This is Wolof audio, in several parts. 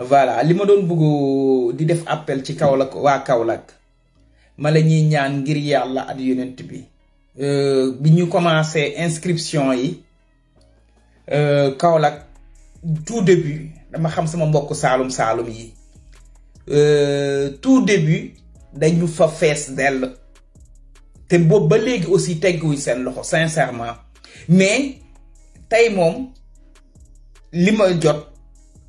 voilà li ma doon bëgg di def appel ci Kaolack waa Kaolack ma la ñuy ñaan ngir yàlla at yonent bi euh, bi ñu commencé inscription yi euh, Kaolack tout début dama xam sama mbokk saalum saalum yi euh, tout début dañu fa fees dell te boobu ba léegi aussi tegguñ seen loxo sincèrement mais tey moom li ma jot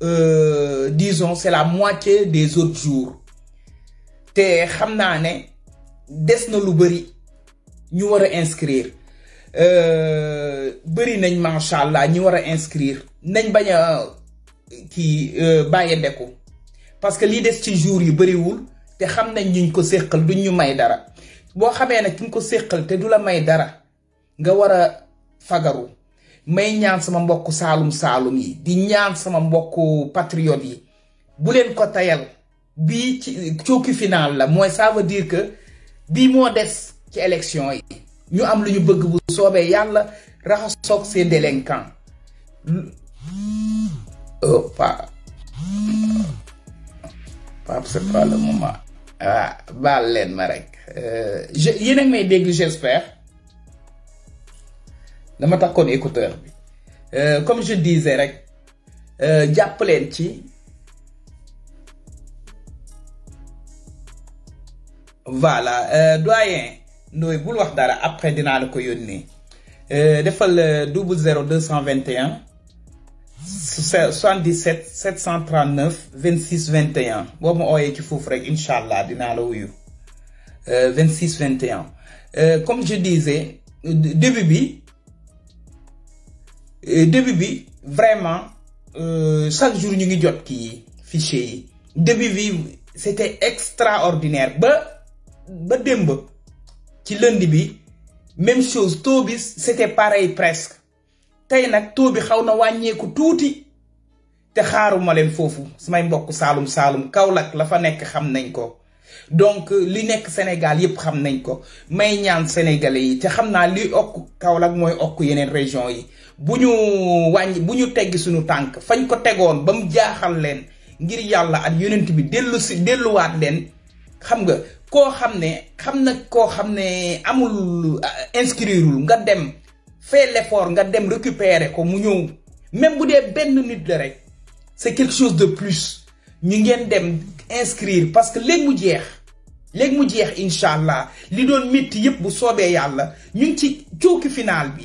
euh, disons c'est la moitié des autres jours te xam naa ne des na lu bëri ñu war a inscrire euh, bëri nañ macha allah ñu war a inscrire nañ bañ a kii euh, bàyyi ndeku parce que lii des ci jours yu bëriwul te xam nañ ñuñ ko seqal duñ ñu may dara boo xamee ne ki ko seqal te du la may dara nga war a fagaru may ñaan sama mbokku saalum-saalum yi di ñaan sama mbokk patriote yi bu leen ko tayal bii ci cooki final la mooy ça veut que bii moo des ci élection yi ñu am lu ñu bëgg bu soobee yàlla raxasoog seen délinquant oh, pa pa ah, baal leen ma rek euh, je yéen may dégg j'espère dama takkoon écouteur bi euh, comme je disais rek euh, plein de ci voilà euh, doyen Ndoye bul wax dara après dinaa la ko yónnee defal double zéro deux cent vingt et 77 739 26 21 boo ma ooyee ci foofu rek incha allah dinaa la wuyu 26 21 comme je disais début bi. Euh, début bi vraiment euh, chaque jour ñu ngi jot ki fichier yi début bi c'était extraordinaire ba ba demb ci lundi bi même chose taux c'était pareil presque tay nak taux bi te la fa xam nañ donc li nek Sénégal yépp xam nañ ko may ñaan sénégalais yi li région bu ñu wàññi bu ñu teggi suñu tànk fañ ko tegoon ba mu jaaxal leen ngir yàlla ak yonent bi dellu si delluwaat leen xam nga koo xam ne xam na koo xam ne amul euh, inscrireul nga dem fait l'effort nga dem récupérer ko mu ñëw même bu dee benn nit la rek c'est quelque chose de plus ñu ngeen dem inscrire parce que léegi mu jeex léegi mu jeex incha allah li doon métti yëpp bu soobee yàlla ñu ngi ci cooki final bi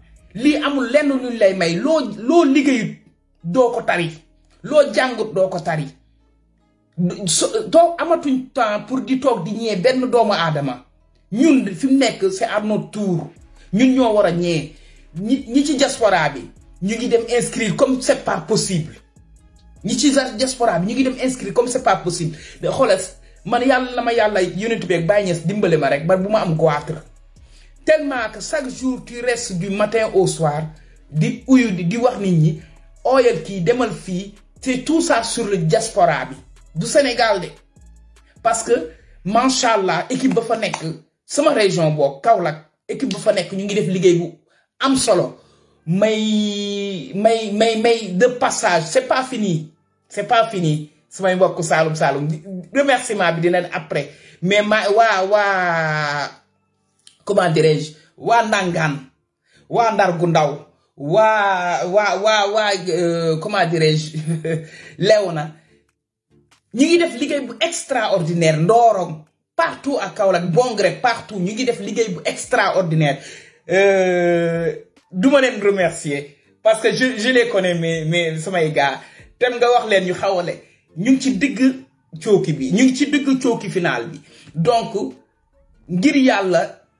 lii amul lenn luñ lay may loo loo liggéeyut doo ko tari loo jàngut doo ko tari doo amatuñ temps pour di toog di ñee benn doomu aadama ñun fi mu nekk c'est à notre tour ñun ñoo war a ñee ñi ñi ci diaspora bi ñu ngi dem inscrire comme c'est pas possible ñi ci diaspora bi ñu ngi dem inscrire comme c'est pas possible xoolal man yàlla la ma yàlla yonent beeg bàyyi ñes dimbale ma rek ba bu ma am goitre tellement que chaque jour tu restes du matin au soir di uyu di di wax nit ñi ooyal ki c'est tout ça sur le diaspora bi du Sénégal de parce que manchallah, équipe ba fa nek sama région boo Kaolack équipe ba fa nek ñu ngi def liggéey bu am solo may may may de passage c'est pas fini c'est pas fini sama mbokk Saalum Saalum remerciement bi dina après mais ma wa comment dirais-je wa Ndangaan wa Ndar gu wa, wa, wa, waa euh, comment dirais-je Léona ñu ngi def liggéey bu extraordinaire Ndorong partout à Kaolack Bongré partout ñu ngi def liggéey bu extraordinaire Euh, ma me remercier parce que je je les connais mais mais samay gars tem nga wax leen ñu xawale ñu ngi ci digg cooki bi ñu ngi ci digg final donc ngir Yalla...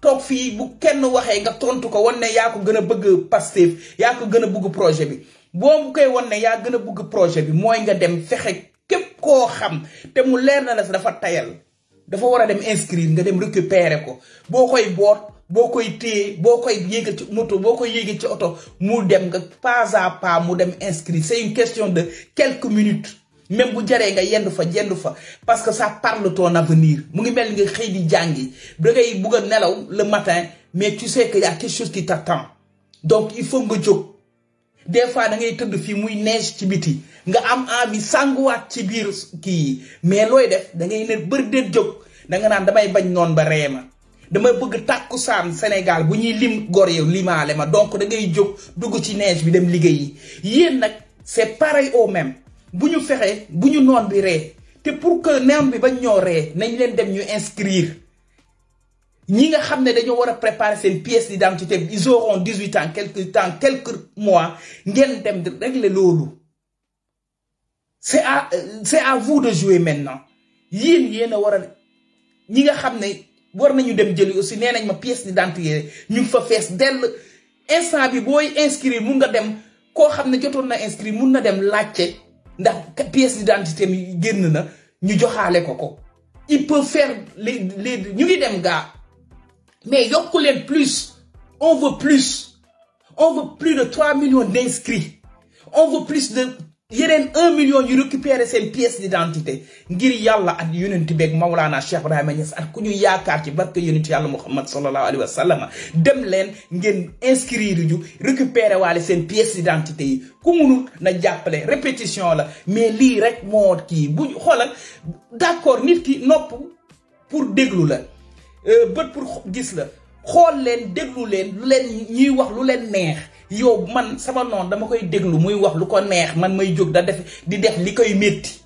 toog fii bu kenn waxee nga tontu ko wan ne yaa ko gën a bëgg Pastef yaa ko gën a bugg projet bi boo koy wan ne yaa gën a bugg projet bi mooy nga dem fexe képp koo xam te mu leer na la si dafa tayal dafa war a dem inscrire nga dem récupérer ko boo koy boot boo koy téye boo koy yéegal ci moto boo koy yéegal ci oto mu dem nga pas à pas mu dem inscrire c'est une question de quelques minutes même bu jaree nga yendu fa jendu fa parce que ça parle ton avenir mu ngi mel nga xëy di jàngi da ngay bugg a nelaw le matin mais ci sais que a quelque chose qui t'attend donc il faut nga jóg des fois da ngay tëdd fii muy neige ci biti nga am envie sanguwaat ci biir kii mais looy def da ngay ne bër jóg danga nga naan damay bañ noonu ba ree ma damay bëgg tàkkusaan Sénégal bu ñuy lim gor yow limaale ma donc da ngay jóg dugg ci neige bi dem liggéey yi yéen nag c'est pareil au même. buñu ñu buñu non bi ré té pour que noon bi bañ ñoré nañ leen dem ñu inscrire ñi nga xamné dañu wara préparer sen pièce d'identité ils auront 18 ans quelques temps quelques mois ngeen dem régler lolu c'est à c'est à vous de jouer maintenant yéen yéen a war ñi nga xamné ne war nañu dem jël aussi nee nañ ma pièce d'identité ñu fa fess del instant bi boy inscrire mu nga dem ko xamné ne jotoon na inscrire mun na dem laccé ndax pièce d'identité mi génn na ñu joxaale ko ko il peut faire les les ñu ngi dem gars mais yokku leen plus on veut plus on veut plus de 3 millions d'inscrits on veut plus de yeneen un million yu récupérer sen pièce d'identité ngir yalla at yonent beeg Maulana Cheikh Ibrahima Niass at kuñu ñu ci barke yonent yalla Muhammad sallallahu alayhi wa sallam dem len ngeen inscrire ju récupérer walé sen pièce d'identité ku munul na jàppale répétition la mais li rek mo ki bu xoolal d'accord nit ki nopp pour déglu la beut pour gis la xol len déglu len lu leen wax lu neex Yo man sama non dama koy déglu muy wax lu ko neex man may jog da def di def likoy metti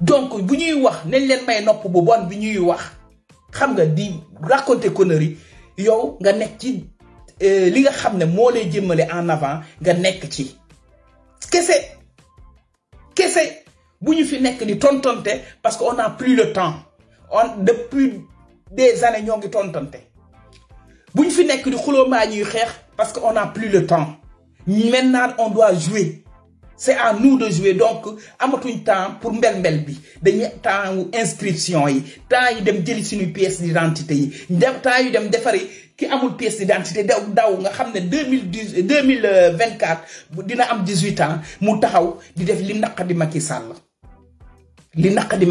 donc bu wax nañ leen may nopp bu bon bi wax xam nga di raconter connerie yow nga nekk ci euh, li nga xamne ne lay en avant nga nekk ci fi di parce qu'on a plus le temps on depuis des années ñongi tontonté fi nekk di ñuy xex parce qu'on n'a plus le temps. Maintenant, on doit jouer. C'est à nous de jouer. Donc, amatuñ temps pour mbel-mbel bi temps pour inscription yi temps yi dem jëli pièce d'identité yi dem temps yu dem defari ki amul pièce d'identité daw daw nga xam ne euh, am 18 ans mu taxaw di def li naq di li naq di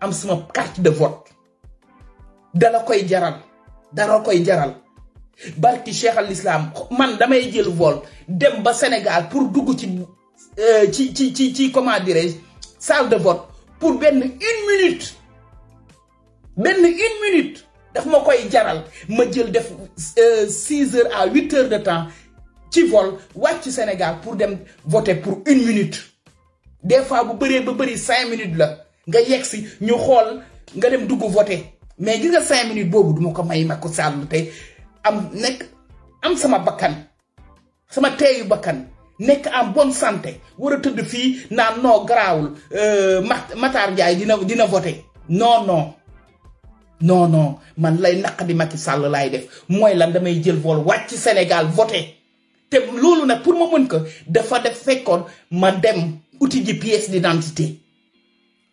am sama carte de vote dala koy jaral la koy jaral. barki cheikh al man damay jël vol dem ba Sénégal pour dugg ci euh, ci ci ci ci comment dirais-je salle de vote pour benn une minute benn une minute daf ma koy jaral ma jël def euh, six heures à huit heures de temps ci vol wàcc Sénégal pour dem voter pour une minute des fois bu bëree ba bëri cinq minutes la nga yegg si ñu xool nga dem dugg voter mais gis nga cinq minutes boobu duma ko may Macky Sall tey am nekk am sama bakkan sama teyu bakkan nekk en bon sante war a tëdd fii naan noo garaawul euh, Matar Ndiaye dina dina voté non non non man lay naq di Macky Sall laay def mooy lan damay jël vol wàcc Sénégal voté te loolu nag pour ma mën ko dafa def fekkoon ma dem uti ji pièce d'identité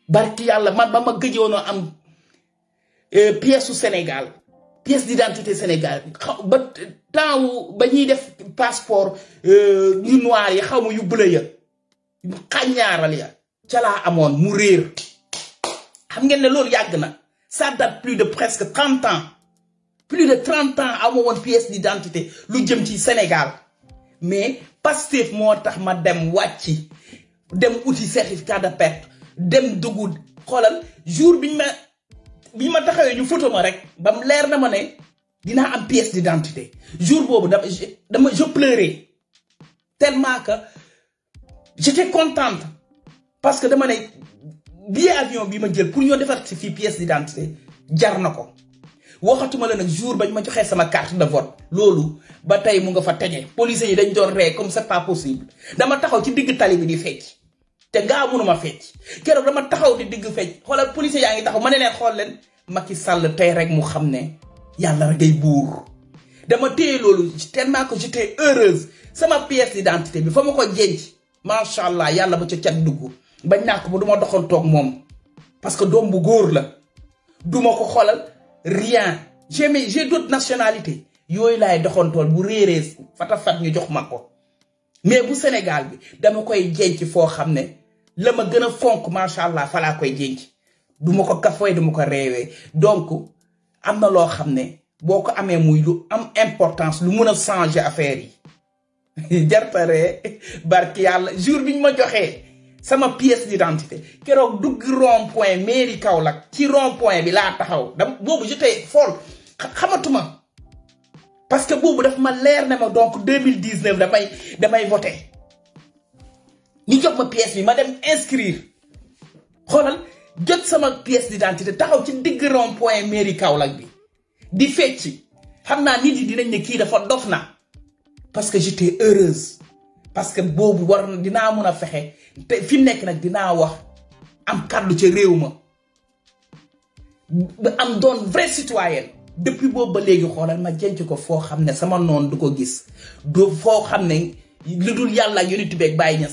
barki yàlla man ba ma gëjoonoo am euh, pièce su Sénégal pièce d'identité Sénégal ba temps wu ba ñuy def passeport euh, yu noir yi xaw ma yu bleu ya xàññaaral ya ca laa amoon mu réer xam ngeen ne loolu yàgg na ça date plus de presque 30 ans plus de 30 ans amoo woon pièce d'identité lu jëm ci Sénégal mais Pastef moo tax ma dem wàcci dem un certificat de perte dem dugg xoolal jour biñ ma bi ma taxawee ñu photo ma rek ba mu leer na ma ne dinaa am pièce d'identité jour boobu dama dama je pleurais tellement que j'étais contente parce que dama ne billet avion bi ma jël pour ñoo defar ci fii pièce d'identité jar na ko waxatuma la nag jour bañ ma joxee sama carte de vote loolu ba tey mu nga fa tege police yi dañ doon ree comme c'est pas possible dama taxaw ci digg tali bi di fecc te gaa munuma fecc keroog dama taxaw di digg fecc xoolal policier yaa ngi taxaw ma ne leen xool leen Macky sàll tey rek mu xam ne yàlla rek ay buur dama téye loolu tellement que j'étais heureuse sama pièce d'identité bi fa ma ko jenc macha allah yàlla ba ca cat dugg bañ naa ko ba du ma toog moom parce que doom bu góor la duma ko xoolal rien j'ai mais j'ai d'autres nationalités yooyu laay doxantool bu réeree fatafat ñu jox ma ko mais bu Sénégal bi dama koy jenc foo xam ne la ma gën a fonk machallah allah fa koy jénc du ma ko kafoy du ma ko donc amna lo xamné boko amé muy lu am importance lu mun changer affaire yi jartaree barki yalla jour biñ ma joxé sama pièce d'identité keroog dugg rond point mairie Kaolack ci rond point bi la taxaw bobu jité fol xamatuma parce que bobu daf ma lèr ne ma donc 2019 damay damay voter. ñu jox ma pièce bi ma dem inscrire xoolal jot sama pièce d'identité taxaw ci digg rond point mairie Kaolack bi di fecci xam naa nit yi dinañ ne kii dafa dof na parce que j'étais heureuse parce que boobu war dinaa mun a fexe te fi mu nekk nag dinaa wax am kàddu ca réew ma am doon vrai citoyen depuis boobu ba léegi xoolal ma jenc ko foo xam ne sama noon du ko gis du foo xam ne lu dul yàlla ak yonit beeg bàyyi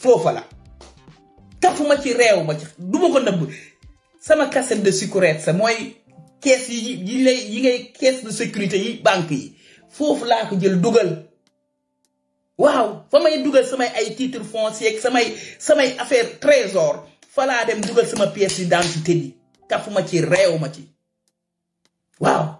foofa la kafuma ci réew ma ci du ma ko nëbb sama cassette de sécurité sa mooy kees yi yi lay yi ngay caisse de sécurité yi banque yi foofu laa ko jël dugal waaw fa may dugal samay ay titre foncier samay samay affaire trésor fa laa dem dugal sama pièce d'identité bi kafuma ci réew ma ci waaw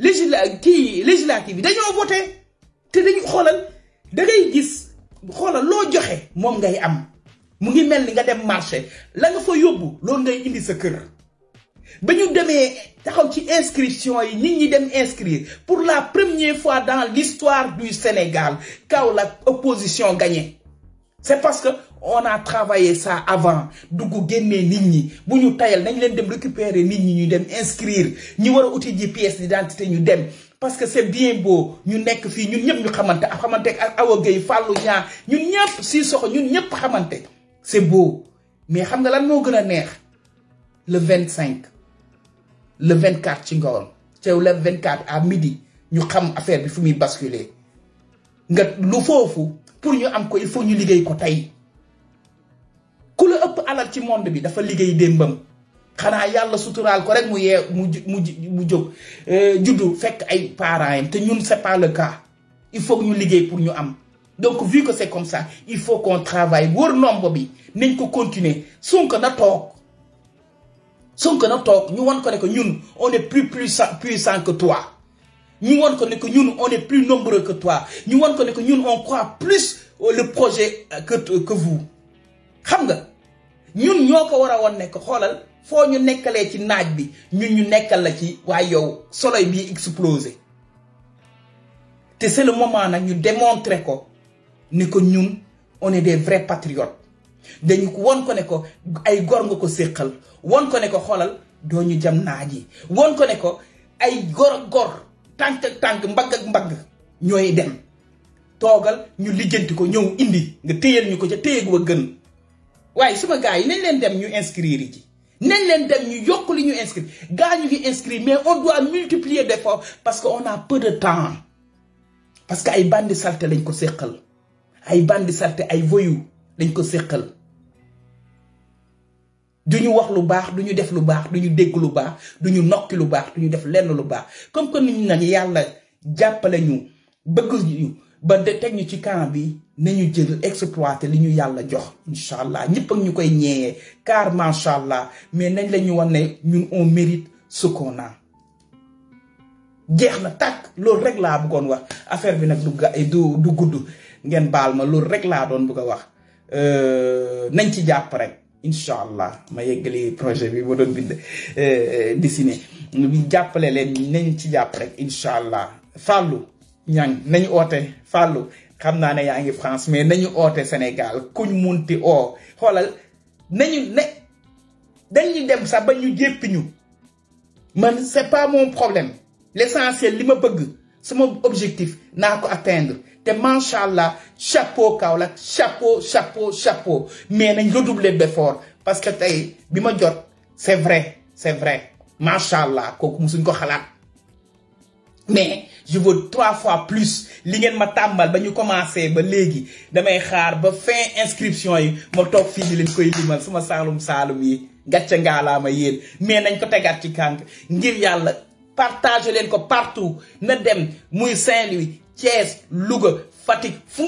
législatives, législative les voté dañu gis am la nga fa ngay indi sa taxaw ci inscription yi nit ñi inscrire pour la première fois dans l'histoire du Sénégal la opposition gagné c'est parce que on a travaillé ça avant dugg guenné nit ñi buñu tayal nañ leen dem récupérer nit ñi ñu dem inscrire ñi wara outil ji pièce d'identité ñu dem parce que c'est bien beau ñu nek fi ñun ñëpp ñu xamanté ak xamante ak Awa Gueye fallu ñaa ñun ñëpp si soxo ñun ñëpp xamanté c'est beau mais xam nga lan mo gëna neex le 25 le 24 ci ngoon cew le vingt à midi ñu xam affaire bi fu muy basculer nga lu fofu pour ñu am ko il faut ñu liggéey ko tay ku la monde pas le cas il faut nous pour nous. am donc vu que c'est comme ça il faut qu'on travaille Bon nombre bi nañ ko continuer Sonko na toog Sonko na toog ñu Nous ko ne que nous, on est plus puissant que toi Nous on connaît que nous, on est plus nombreux que toi Nous on connaît que nous, on croit plus le projet euh, que que vous ñun ñoo ko war a woon ko xoolal foo ñu nekkalee ci naaj bi ñun ñu nekkal la ci waaye yow soleil bi explosé te c'est le nag ñu démontrer ko ni ko ñun on est des vrais patriotes dañu ko won ko ne ko ay gor nga ko séqal won ko ne ko xoolal doo ñu jam naaj yi won ko ne ko ay gor ak gor tànk ak tànk mbagg ak ñooy dem toogal ñu lijjanti ko ñëw indi nga téyal ñu ko ca téye gu gën waaye suma gaay yi nañ leen dem ñu inscrire ci nañ leen dem ñu yokk li ñu inscrire gars ñu ngi inscrire mais on doit multiplier d'efforts parce que on a peu de temps parce que ay bandi salté lañ ko sékkal ay bandi salté ay voyou lañ ko sékkal duñu wax lu baax duñu def lu baax duñu dégg lu baax duñu nokki lu baax duñu def lenn lu baax comme que nit nañ yàlla jàppale ñu bëgg ñu ba de teg ñu ci camp bi nañu jël exploité li ñu yàlla jox incha allah ñëpp ak ñu koy ñeeyee car macha allah mais nañ la ñu wan ne ñun on mérite ce qu'on jeex na tàkk loolu rek laa buggoon wax affaire bi nag du ga du gudd ngeen baal ma loolu rek laa doon bëgg a wax euh, nañ ci jàpp rek incha allah ma yeggali projet bi ma doon bind euh, dessiné jàppale leen nañ ci jàpp rek incha allah fàllu ñang nañu oté fallu xamna né ne France mais nañu oté Sénégal kuñ munti o xolal nañu ne dañu dem sax bañu ñu ñu man c'est pas mon problème l'essentiel li ma bëgg sama objectif naa ko atteindre té macha chapeau Kaolack chapeau chapeau chapeau mais nañ redoubler d'effort parce que tay bima jot c'est vrai c'est vrai macha ko musuñ ko xalat mais je veux trois fois plus li ma tambal, ba ñu ben ba léegi damay xaar ba fin inscription yi ma toog fii di leen koy limal suma salum salum yi gàcce ngaalaama yéen mais nañ ko tegaat ci kànk ngir partage leen ko partout na dem muy Saint-Louis Thiès Louga Fatick fu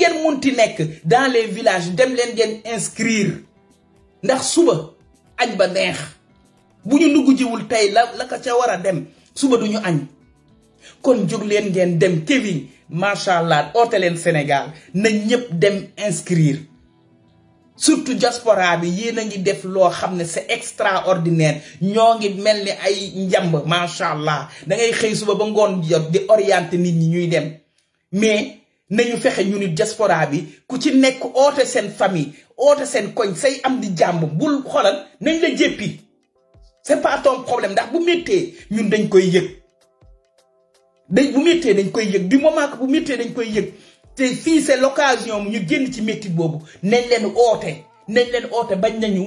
dans les villages dem leen inscrire ndax suba añ ba neex bu ñu la la ko dem suba an. kon jóg leen ngeen dem Kevin macha allah oote leen Sénégal nañ ñëpp dem inscrire surtout diaspora bi yéen a ngi def loo xam ne c'est extraordinaire ñoo ngi mel ni ay njàmb macha allah da ngay xëy suba ba ngoon jot di orienter nit ñi ñuy dem mais nañu fexe ñu ni diaspora bi ku ci nekk oote seen famille oote seen koñ say am di jàmb bul xolal nañ la jéppi c'est pas problème ndax bu méttee ñun dañ koy yëg. dañ bu méttee dañ koy yëg du moment que bu méttee dañ koy yëg te fii c'est l'occasion ñu génn ci métti boobu nañ leen oote nañ leen oote bañ nañu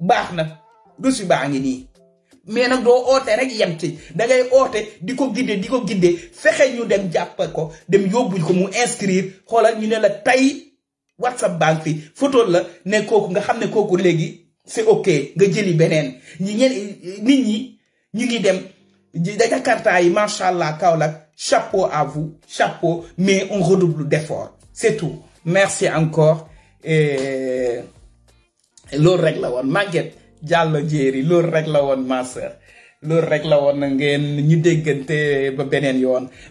baax na dossier baa ngi nii mais nag doo oote rek yem ci da ngay oote di ko gidde di ko gidde fexe ñu dem jàpp ko dem yóbbuñ ko mu inscrit xoolal ñu ne la tey whatsapp bank fi photo la ne kooku nga xam ne kooku léegi c'est ok nga jëli beneen ñi ñen nit ñi ñu ngi dem Jakarta yi machallah chapeau à vous chapeau mais on redouble d'efforts c'est tout merci encore et loolu rek la woon Maguette Diallo Diéry loolu rek la ma sœur loolu rek la woon ngeen ñu déggante ba beneen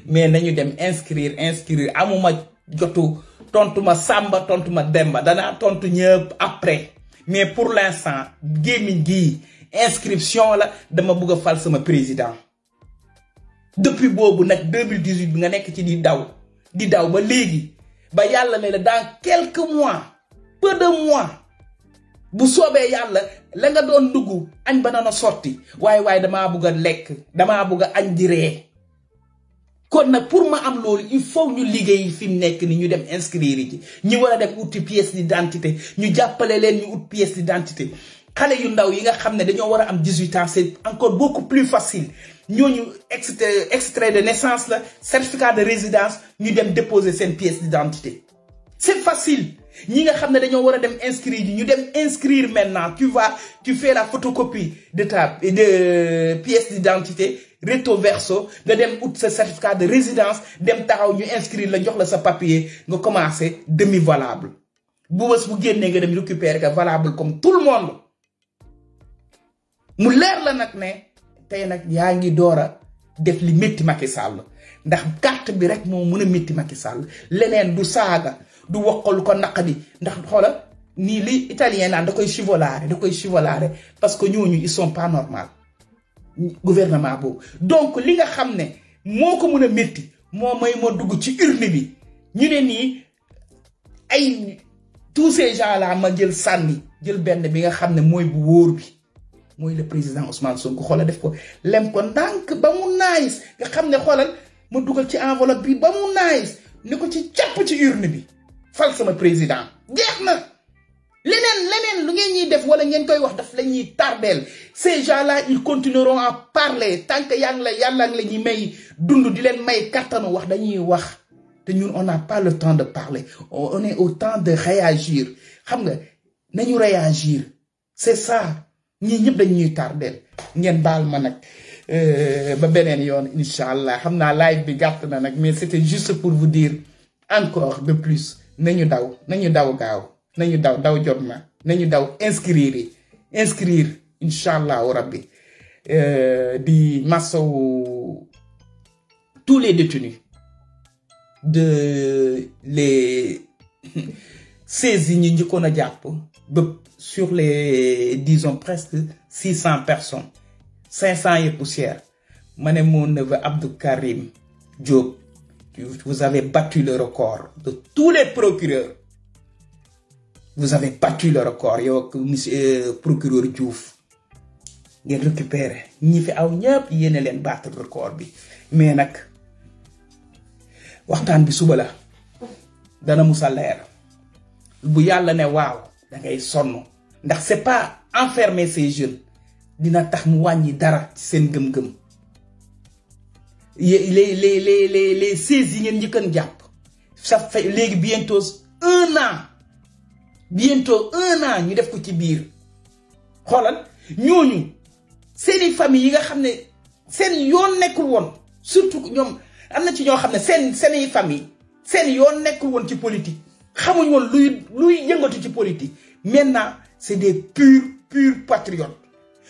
mais nañu dem inscrire inscrire amuma jotu tantôt ma Samba tantôt ma Demba Dana tontu après mais pour l'instant gaming midi, inscription la dama bëgg a fal président depuis boobu nag 2018 bi nga nekk ci di daw di daw ba léegi ba yàlla ne la dans quelque mois peu de mois bu soobee yàlla la nga doon dugg añ ba na sotti waaye waaye damaa bugg a lekk damaa bugg a añ di ree kon nag pour ma am loolu il faut ñu liggéey fi mu nekk ni ñu dem inscrire ci ñu war a def uti pièce d'identité ñu jàppale leen ñu ut di d'identité ndaw yi 18 ans c'est encore beaucoup plus facile ñooñu extrait de naissance la certificat de résidence nous dem déposer cette pièce d'identité c'est facile ñi nga dem inscrire inscrire maintenant tu vas tu fais la photocopie de ta de pièce d'identité recto verso nga dem out certificat de résidence dem taxaw ñu inscrire la jox la sa papier nga commencer demi valable bu bu génnee nga dem récupérer que valable comme tout le monde mu leer la nag ne tey nag yaa ngi door a def li métti Macky Sall ndax kart bi rek moo mun a métti Macky Sall leneen du saaga du waxal ko naq naqadi ndax xoola nii li italien naan da koy chivolare da koy chivolare parce que ñooñu ils sont pas normal gouvernement boobu donc li nga xam ne moo ko mën a métti moo may moo dugg ci urne bi ñu ne nii ay tous ces gens ma jël sànni jël benn bi nga xam ne mooy bu wóor bi moy le président Ousmane Sonko lem ba mu nice nga ci enveloppe bi ba urne président lu ngeen def wala ngeen koy ces gens-là ils continueront à parler tant que yang la yalla ngi may dundu di len may carton wax dañuy wax on n'a pas le temps de parler on est au temps de réagir xam nga réagir c'est ça ni n'y dañuy tardel euh, mais c'était juste pour vous dire encore de plus nañu daw nañu daw gaaw nañu inscrire inscrire inshallah rabbi euh, di tous les détenus de les saisir. ñi ko sur les disons presque 600 personnes 500 et poussière mon neveu Abdou Karim Diop vous avez battu le record de tous les procureurs vous avez battu le record monsieur euh, procureur Diouf récupérez. récupéré ni fi aw qui a battu battre record bi mais nak record. bi suba la dana musa Il bu yàlla ne waaw da ngay c'est pas enfermer ces jeunes dina tax mu wàññi dara ci seen gëm les les les les les seize yi ngeen ça fait bientôt un an bientôt un an ñu def ko ci famille ne surtout ñoom am ci ñoo ne famille politique xamuñ woon luy luy yëngatu ci politique maintenant c'est des purs purs patriotes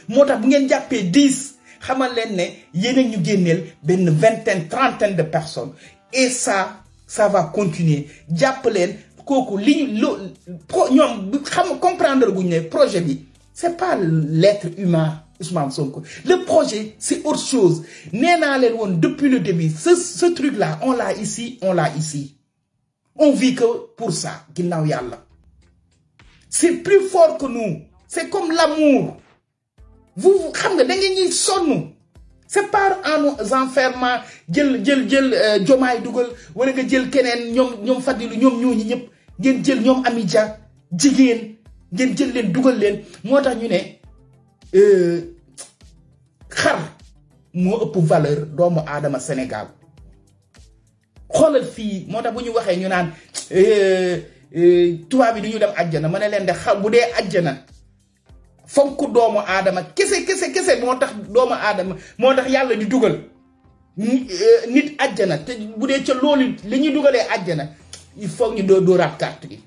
moo tax bu ngeen jàppee dix xamal leen ne yéen ñu génneel benn vingtaine trentaine de personnes et ça ça va continuer jàpp leen kooku li pro xam comprendre guñ ne projet bi c' pas l'être humain Ousmane Sonko le projet c'est autre chose nee naa leen depuis le début ce truc là on l'a ici on l'a ici on vit que pour ça c'est plus fort que nous c'est comme l'amour vous xam nga da ngeen nous c'est par en nous enfermant djel djel djel euh, dougal wala nga djel keneen ñom ñom fadilu ñom ñooñu ngeen jigen ngeen djel leen dougal leen pour ñu né euh xar mo valeur Sénégal xoolal fii moo tax bu ñu waxee ñu naan eh, eh, tubaab yi du ñu dem àjjana ma ne leen de xam bu dee àjjana fonk doomu aadama kese kese kese moo tax doomu aadama moo tax yàlla di dugal eh, nit àjjana te bu dee ca loolu li ñuy dugalee àjjana il faut ñu doo dóoraat kart gi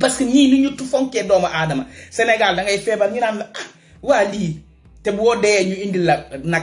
parce que ñii ni ñu fonkee doomu aadama Sénégal da ngay feebar ñu naan la ah waa lii te boo dee ñu indil la nag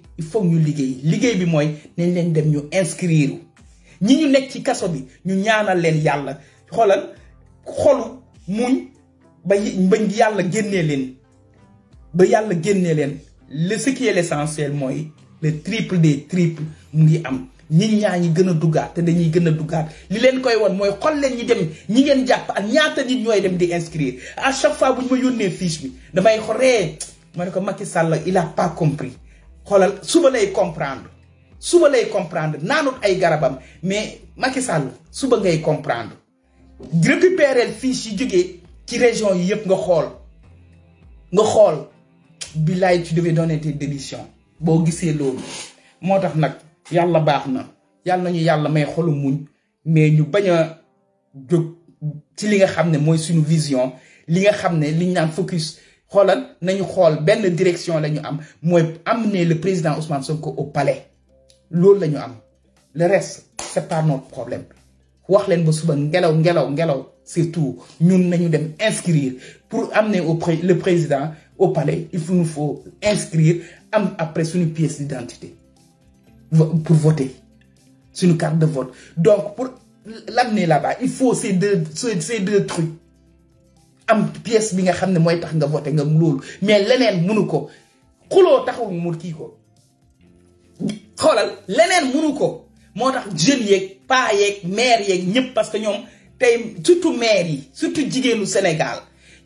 foog ñu liggéey liggéey bi mooy nañ leen dem ñu inscrire ñi ñu nekk ci kaso bi ñu ñaanal leen yàlla xoolal xolu muñ ba ba yàlla génnee leen ba yàlla génnee leen le ce qui est mooy le triple des triples mu ngi am nit ñaa ñi gën a duggaat te dañuy gën a duggaat li leen koy won mooy xol leen ñi dem ñi ngeen jàpp ak ñaata nit ñooy dem di inscrire à chaque fois bu ñu ma yónnee fiche bi damay xoree eh, ma ne ko Macky Sall il a pas compris xolal suba lay comprendre suba lay comprendre naanut ay garabam mais Macky Sall suba ngay comprendre récupérer fiche yi jógee ci région yi yëpp nga xool nga xool billaay tu devais donner tes démissions boo gisee loolu moo tax nag yàlla baax na yàlla nañu yàlla may xolu muñ mais ñu bañ a jóg ci li nga xam ne mooy suñu vision li nga xam ne liñ naan focus nous nañu xool benn direction la am mooy amener le président Ousmane Sonko au palais loolu lañu am le reste c'est pas notre problème wax leen ba suba ngelaw ngelaw ngelaw surtout ñun nañu dem inscrire pour amener le président au palais il nous faut inscrire am après une pièce d'identité pour voter une carte de vote donc pour l'amener là-bas il faut ces deux ces deux trucs am pièce bi nga xamné moy tax nga voter nga lool mais leneen munu ko xuloo taxul mu ki ko xolal leneen munu ko motax tax yek yeeg maire yeeg parce que ñom tay surtout maire yi surtout jigéenu Sénégal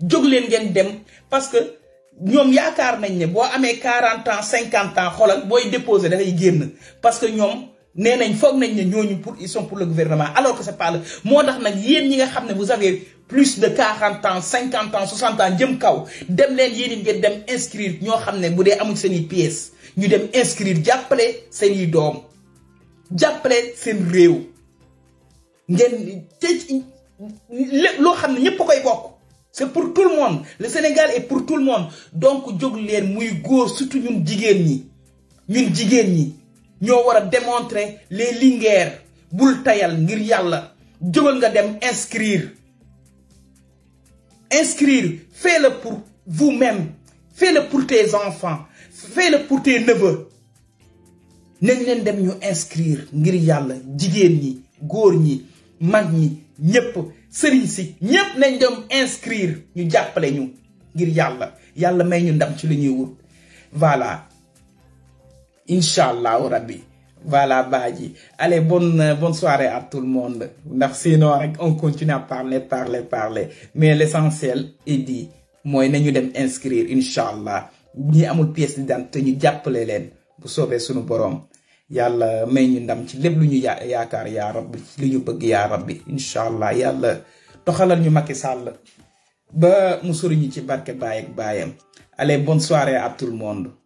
jóg leen ngeen dem parce que ñom yaakar nañ ne bo amé 40 ans 50 ans boy déposer da dafay génn parce que ñom nenañ nañ nañ ne ñooñu pour ils sont pour le gouvernement alors que c'est pas le motax nak yeen ñi nga xamné vous avez plus de 40 ans 50 ans 60 ans j'aime kaw dem len yéen ngeen dem inscrire ño xamne boudé amuñ ñu dem inscrire jappelé seni dom jappelé sen rew ngeen lo xamne ñepp koy bok c'est pour tout le monde le Sénégal est pour tout le monde donc jóg leen muy goor surtout ñun jigéen ñi ñun jigéen ñi ñoo war démontrer les lingères bul tayal ngir yalla jogol nga dem inscrire. Inscrire, fais-le pour vous-même. Fais-le pour tes enfants. Fais-le pour tes neveux. Nous nous inscrire ngir yàlla gorni, inscrire, góor ñi nyep inscrire, inscrire nous ñu ndam voilà Inch'Allah voilà Badi. allez bonne euh, bonne soirée à tout le monde Merci, on continue à parler parler parler mais l'essentiel est dit moi nañu dem inscrire inshallah Ni amul pièce d'identité ñu pièce de bu soobee suñu borom. Yalla, may ñu ndam ci lépp lu ñu ya yaakaar yaa rabbi lu ñu bëgg Ya rabbi Yalla. allez bonne soirée à tout le monde.